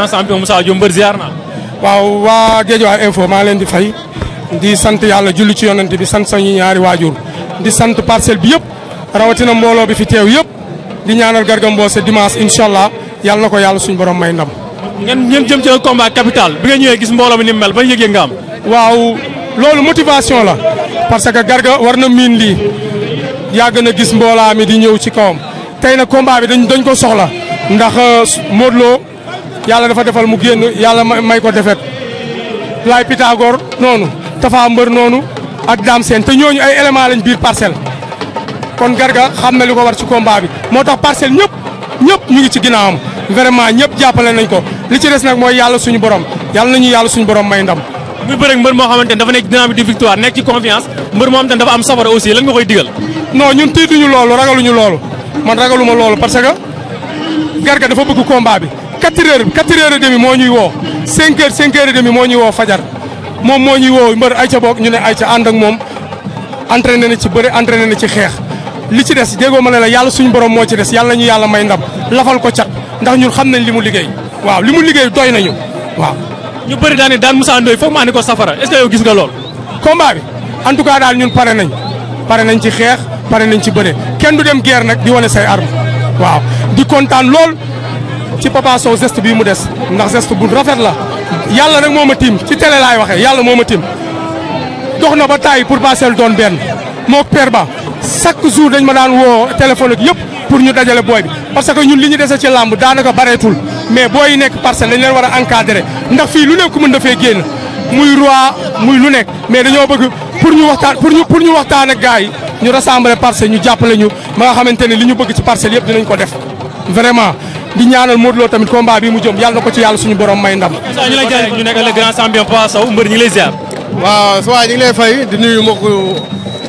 ancien champion Moussa Diop mbër ziar naa waaw waa a info maa leen di fay di sant yàlla julli ci yonent bi sant sañu ñaari waajur di sant parcelle bi yëpp rawatina mbooloo bi fi teew yëpp di ñaanal Garga Mbossé dimanche incha allah yàlla na ko yàlla suñu borom may ndam. ngeen ngeen jëm ci un combat capital bi nga ñëwee gis mbooloo mi ni ba yëg-yëg nga waaw loolu motivation la parce que Garga war na miin lii yàgg na gis mboolaa di ñëw ci kawam tey nag combat bi dañ dañ ko soxla euh, yalla dafa defal mu genn yalla may ko defet laay Pythagore nonu Tafa mbeur nonu ak dam sen te ñooñu ay element lañ biir parcel kon Garga xam liko war ci combat bi motax parcel ñep ñep ñu ngi ci ginnaawam vraiment ñep jappalé nañ ko li ci dess nag moy yalla suñu borom yalla nañu yalla suñu borom may ndam. muy bëreeg mbeur mo xamantene ne dafa nekk dynamique de victoire nek ci confiance mbeur mo xamante ne dafa am sabar aussi lan nga koy diggal non ñun tiituñu loolu ragaluñu lolu man ragaluma lolu parce que Garga dafa bëgg combat bi. quatre heures quatre heures et demi moo ñuy woo cinq heures cinq heures et demi moo ñuy woo fajar moom moo ñuy woo mbër ayca boog ñu ne ayca ànd ak moom entraîné na ci bëri entraîné na ci xeex li ci des déggoo ma ne la yàlla suñu borom moo ci des yàlla ñu yàlla may ndam lafal ko cat ndax ñun xam nañ li mu liggéey waaw li mu liggéey doy nañu waaw. ñu bëri daan ne daan Moussa Ndoye foog maa ne ko safara est-ce que yow gis nga lool. combat bi en tout cas daal ñun pare nañ pare nañ ci xeex pare nañ ci bëre kenn du dem guerre nag di wane say arme waaw ci Papa Sow bii mu des ndax geste bu rafet la yàlla nag moo ma tiim ci télé laay waxee yàlla moo ma tiim dox na ba tàyyi pour Parcelles doon benn moog per ba chaque jour dañ ma daan woo téléphone yëpp pour ñu dajale booy bi parce que ñun li ñu dese ci làmb daanaka bareetul mais booy yi nekk Parcelles dañ leen war a encadrer ndax fii lu nekk ku mën dafee génn muy roi muy lu nekk mais dañoo bëgg pour ñu waxtaan pour ñu pour ñu waxtaan ak yi ñu rassembler Parcelles ñu jàppale ñu ma nga xamante ne li ñu bëgg ci Parcelles yëpp dinañ ko def vraiment. di ñaanal Modou Lo tamit combat bi mu jëm yalla nako ci yalla suñu borom may ndam. ñu lay jaay ñu nek le grand champion Papa Sow mbeur ñi lay ziar. waaw so way ñi lay fay di nuyu mbokk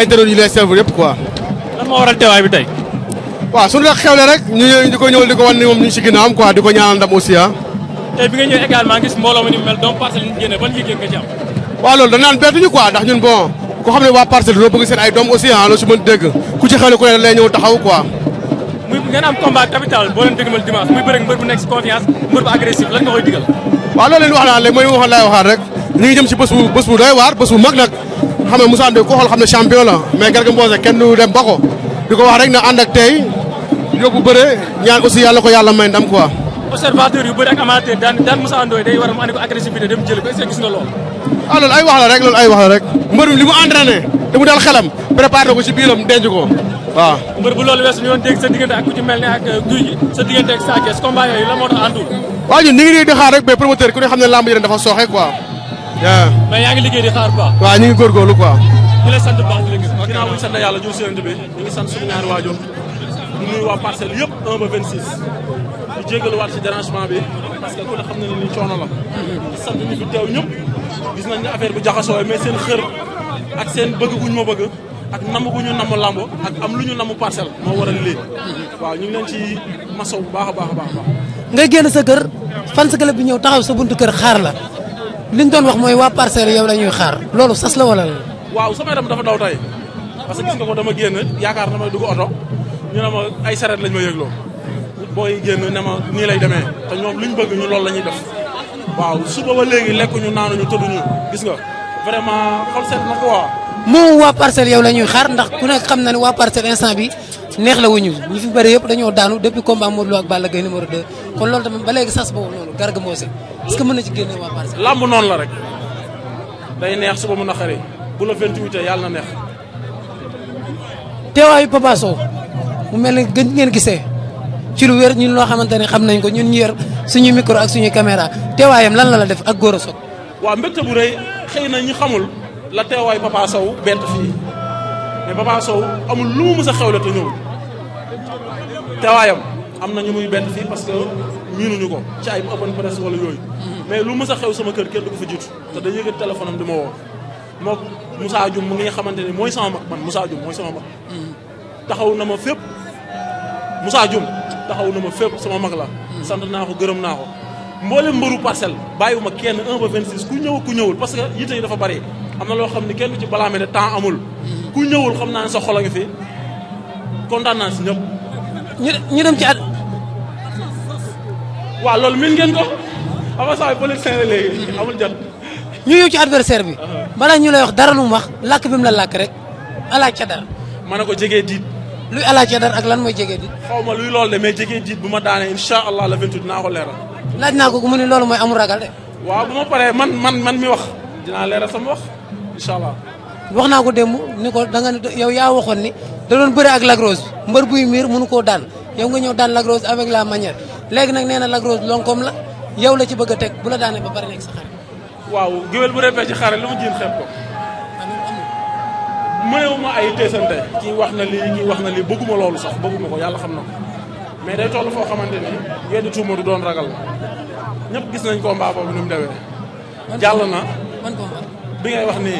internautes yi lay serve yëpp quoi. lan mo waral teewaay bi tay wa suñu la xewle rek ñu ñëw di ko ñëwal di wan ni moom ñu ci ginaam quoi diko ñaanal ndam aussi ha ah. tay bi nga ñëw également gis mbolo ma ni mel donc parcelle ñu génne ban liggéey nga ci am. wa loolu da naan ñu quoi ndax ñun bon ko xamné wa parcel do bëgg seen ay dom aussi ha ah, lo si mën dégg ku ci xewle ku lay ñëw taxaw quoi muy ngeen am combat capital boo leen dégmal dimanche muy bëre mbër bu nekk si confiance mbër bu agressif lan nga koy digal. waaw loolu leen wax naa mooy waxoon laay waxaat rek ñu ngi si bés bu bés waar bés mag nag xam ne Moussa ko xool xam ne champion la mais Garga dem ba ko di ko wax na ànd tey yóbbu bëre ñaan aussi yàlla ko yàlla may ndam quoi. observateur yu bëri ak amateur daan daan Moussa Ndoye day war a mu andi ko ah, wax la rek loolu ay li mu entraîné te mu dal ko si biiram denc ko waaw mbër bu loolu weesu ñu dégg sa diggante ak ku ci mel ne ak uh, guy gi sa diggante ak Sa Thiès combat yooyu la moo tax àndul waaw ñun ñu ngi nii di xaar rek mais promoteur ku ne xam ne lamb ji dafa sooxe quoi waaw ngi liggéey di xaar quoi waaw ñu ngi góorgóorlu quoi ñu lay sant baax di la bi ñu ngi sant suñu ñaari waajur ñu nuyu waa parcelle yëpp 1 ba 26 di jégaluwaat ci dérangement bi parce que ku ne xam na ne ni coono la sant ñi fi teew ñëpp gis nañ ne affaire bi jaxasoo mais seen xër ak seen bëgg guñ ma bëgg ak namu gu ñu namm lamb ak am lu ñu namm parcelle moo waral li waaw ñu ngi leen ci masso bu baax a baax a baax. ngay génn sa kër fan sa club bi ñew taxaw sa buntu kër xaar la li ñu doon wax moy wa parcel yow lañuy xaar lolu sas la wala waaw sama yaram dafa daw tay parce que gis nga ko dama genn yaakar na ma dugg oto ñu na ma ay sareet lañ ma yeglo boy genn ne ma ni lay demee te ñom luñ bëgg ñu lolu lañuy def waaw suba ba lekku ñu nanu ñu naanuñu ñu gis nga vraiment xol set na ko quoi. moom waa parcelle yow la ñuy xaar ndax ku nekk xam na ne waa parcelle instant bi neex la wuñu ñu fi bëri yëpp dañoo daanu depuis combat Modou Lo ak Balla Gaye numéro 2 kon loolu tamit ba léegi sas boobu noonu Garga Mbossé est-ce que mën na ci génne waa parcelle. làmb noonu la rek day neex suba mu naqari bu la 28 yàlla na neex. teewaayu Papa mu mel ne gën ngeen gisee ci lu weer ñun loo xamante ne xam nañ ko ñun ñu yor suñu micro ak suñu caméra teewaayam lan la la def ak góor a soog. waaw mbégte bu na ñi la teewaay Papa bent bett fii mais Papa Sow amul lu mu mës a xewle te ñëwul teewaayam am na ñu muy bent fii parce que miinuñu ko ci ay open press wala yooyu mais lu mës a xew sama kër kenn du ko fa jiitu te day yëkkati téléphone am di ma woo mook Moussa Dioum mu ngi xamante ni mooy sama mag man Moussa Dioum mooy sama mag taxaw na ma fépp Moussa Dioum taxaw na ma fépp sama mag la sant naa ko gërëm naa ko mboolem mbëru parcelle bàyyiwuma kenn 1 ba 26 ku ñëw ku ñëwul parce que yite dafa bari am na loo xam ne kenn ci balaame ne temps amul ku ñëwul xam naa ne sa xol a ngi fi kontaan si ñëpp ñu dem ci at waaw loolu min ngeen ko avancement bi politicien la léegi amul jot ñu ñëw ci adversaire bi uh-huh. balaa ñu lay wax dara lu wax làkk bi mu la làkk rek alaaj ca dara ma ne ko jegee diit luy alaaj ca dara ak lan mooy jegee diit xaw ma luy lool de mais jegee diit bu ma daanee incha allah la vingt-huit dinaa ko leeral laaj naa ko mu ne loolu mooy amul ragal de waaw bu man man man mi wax dinaa leeral sama incha allah wax naa ko dem ni ko da yow yaa waxoon ni da doon bëri ak lagrose mbër buy miir mënu koo daan yow nga ñëw daan lagrose avec la manière léegi nag nee na lagrose lonkoom la yow la ci bëgg a teg bu la daanee ba pare nekk sa xarit. waaw géwél bu rëbbee ci xare lu mu jiin xeeb ko. mënewuma ay teesante kii wax na lii kii wax na lii bëgguma loolu sax bëgguma ko yàlla xam na ko mais day toll foo xamante ni weddi tuuma du doon ragal ñëpp gis nañ combat boobu ni mu demee. jàll bi ngay wax nii.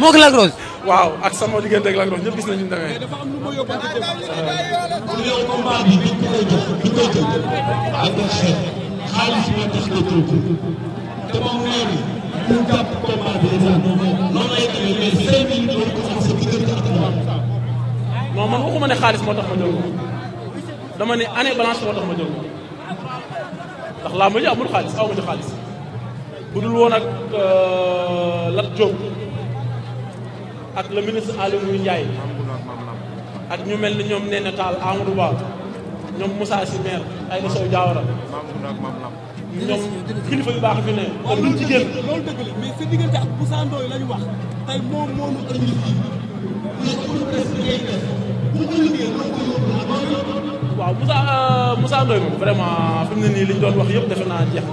moo ko waaw ak sama diggante ak Lac Rose ñëpp gis nañu nga jël ko te moom nee na ne xaalis moo tax ma jël ko dama ne année balance moo tax ma jël ko ndax laa ma ji amul xaalis aw ma ci bu dul woon ak euh, Lat Diop ak le ministre Aly Ngouille Ndiaye ak ñu mel ni ñoom Néné Tall Amadou Ba ñoom Moussa Sy maire ay na Sow Diawara ñoom kilifa yu baax fi ne kon lu jigéen waaw Moussa euh, Moussa Ndoye moom vraiment fi ne nii li ñu doon wax yëpp defe naa jeex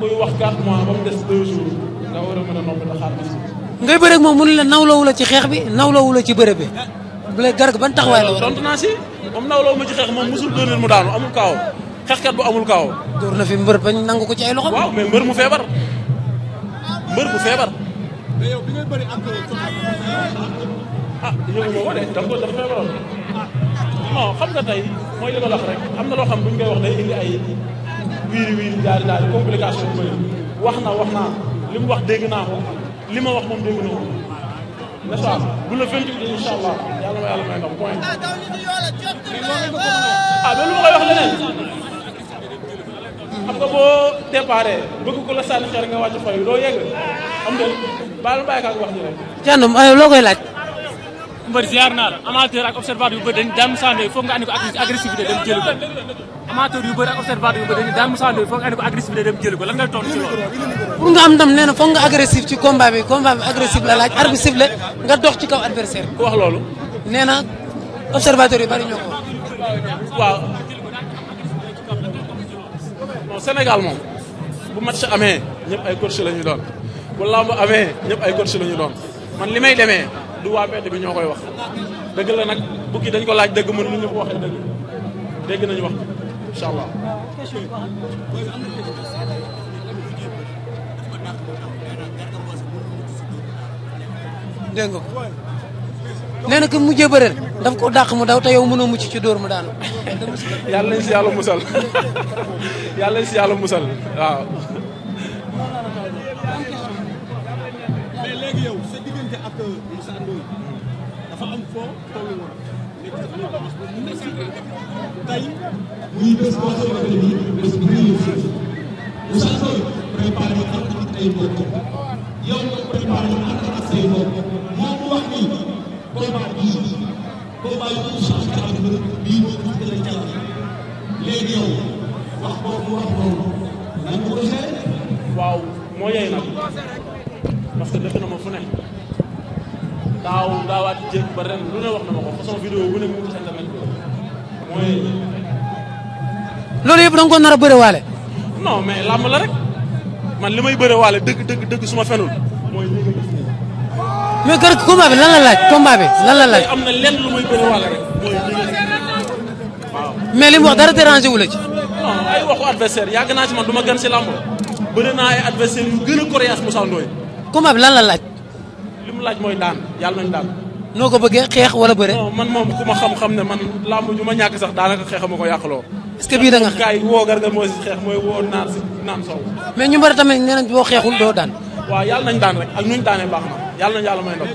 kuy wax a mën a noppi da xaar bis ngay bëre ak moom mënu la nawloowu la ci xeex bi nawloowu la ci bëre bi eh. bu lay garab ban taxawaay la war tontu naa si moom nawloowu ma ci xeex moom mosul dóor mu daanu amul kaaw xeexkat bu amul kaaw dóor na fi mbër bañ nangu ko ci ay loxo waaw mais mbër mu feebar mbër bu feebar yow bi ngay bëri ah yëngu ma ko de da ko dafa feebaroon non xam nga tey mooy li ma rek am na loo xam buñ koy wax day indi ay wiiri wiiri daal daal complication wax na wax naa li wax dégg naa ko li ma wax moom dégg na ko n'est-ce pas bu la vingt allah yàlla ma yàlla point ah ba lu ma koy wax leneen xam boo déparé bëgg ko la sànni xeer nga wàcc fay doo yegg am de baal bàyyi kaag wax ji rek. Thiandoum loo koy laaj. mbër ziar naa la amateur ak observateur yu bëri dañu daan Moussa Ndoye foog nga am ndam nee na nga agressif ci combat bi combat bi agressif la laaj arbitre siffle nga dox ci kaw adversaire ku wax loolu nee na observateur yu bëri ñoo moom bu match amee ñëpp ay coach la ñu doon bu lamb amee ñëpp ay coach la ñu doon man li may du wa mbedd bi ñoo koy wax dëgg la bu ki dañ ko laaj dëgg mënu ñu ko waxee dëgg nañu wax inshallah allah dégg ko mu na daf ko dàq mu daw te yow mënoo mucc ci door mu daan yalla nañ si yàlla musal yalla nañ si yàlla musal waaw. foo tollu woon tey ñuy bés boo xamante ne bii bés bu rëy la Moussa Ndoye préparé ànd ak ay mbokk yow nga préparé ànd ak say mbokk moom mu wax nii combat bii combat yu ñu changé àdduna bii moo ñu gën a jàll léegi yow wax boobu wax noonu lan nga ko waaw moo yey nag parce que def na ma fu ne daaw daawaati jéeg ba ren loolu yëpp da nga ko nar a bëriwaale. mais làmb la rek man li may bëriwaale dëgg dëgg dëgg su ma fenul mooy lii nga gis nii. mais kër combat bi lan laaj combat bi lan laaj. am na len lu may bëriwaale rek mooy lii wax dara dérangé wu ci. non ay waxu adversaire yàgg naa ci man du ma gën si làmb bëri naa ay gën a coriace Moussa Ndoye. combat bi lan la laaj. mu laaj mooy daan yàlla nañ daan. noo ko bëggee xeex wala bëre. non man moom ku xam-xam ne man làmb ju ma ñàkk sax daanaka xeex ma ko yàqaloo. est que bii da nga xeex gars yi woo Garga mooy si xeex mooy woo naan si naan soow. mais ñu bëri tamit nee nañ boo xeexul doo daan. waaw yàlla nañ daan rek ak nuñ daanee baax na yàlla nañ yàlla may ndox.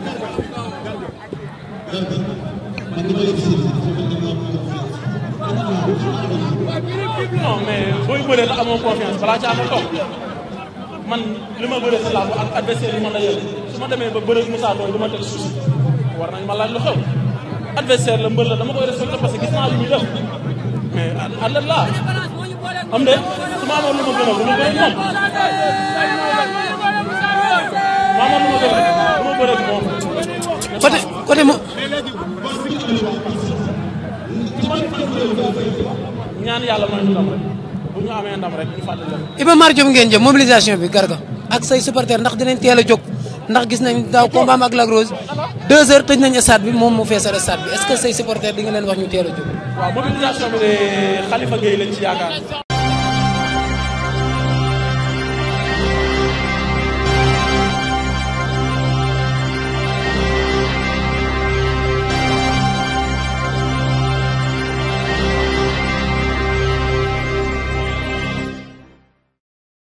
la amoo confiance balaa caa ma toog man li ma bëree si làmb ak adversaire su ma demee ba bëreeg Moussa Ndoye du ma teg suuf war lu xew adversaire la mbër la dama koy respecté parce que gis naa lu muy mais athlète am de su ma amoon lu ma gënal lu ma bëreeg moom ma amoon lu ma gënal ma bëreeg moom côté côté mo ñaan yàlla rek Iba Mar Diop ngeen jëm bi Garga ak say ndax dinañ teel a jóg ndax gis nañ daaw combat ak Lac Rose deux heures tëj nañ bi moom mu feesal stade bi est-ce que say supporters di nga leen wax ñu teel a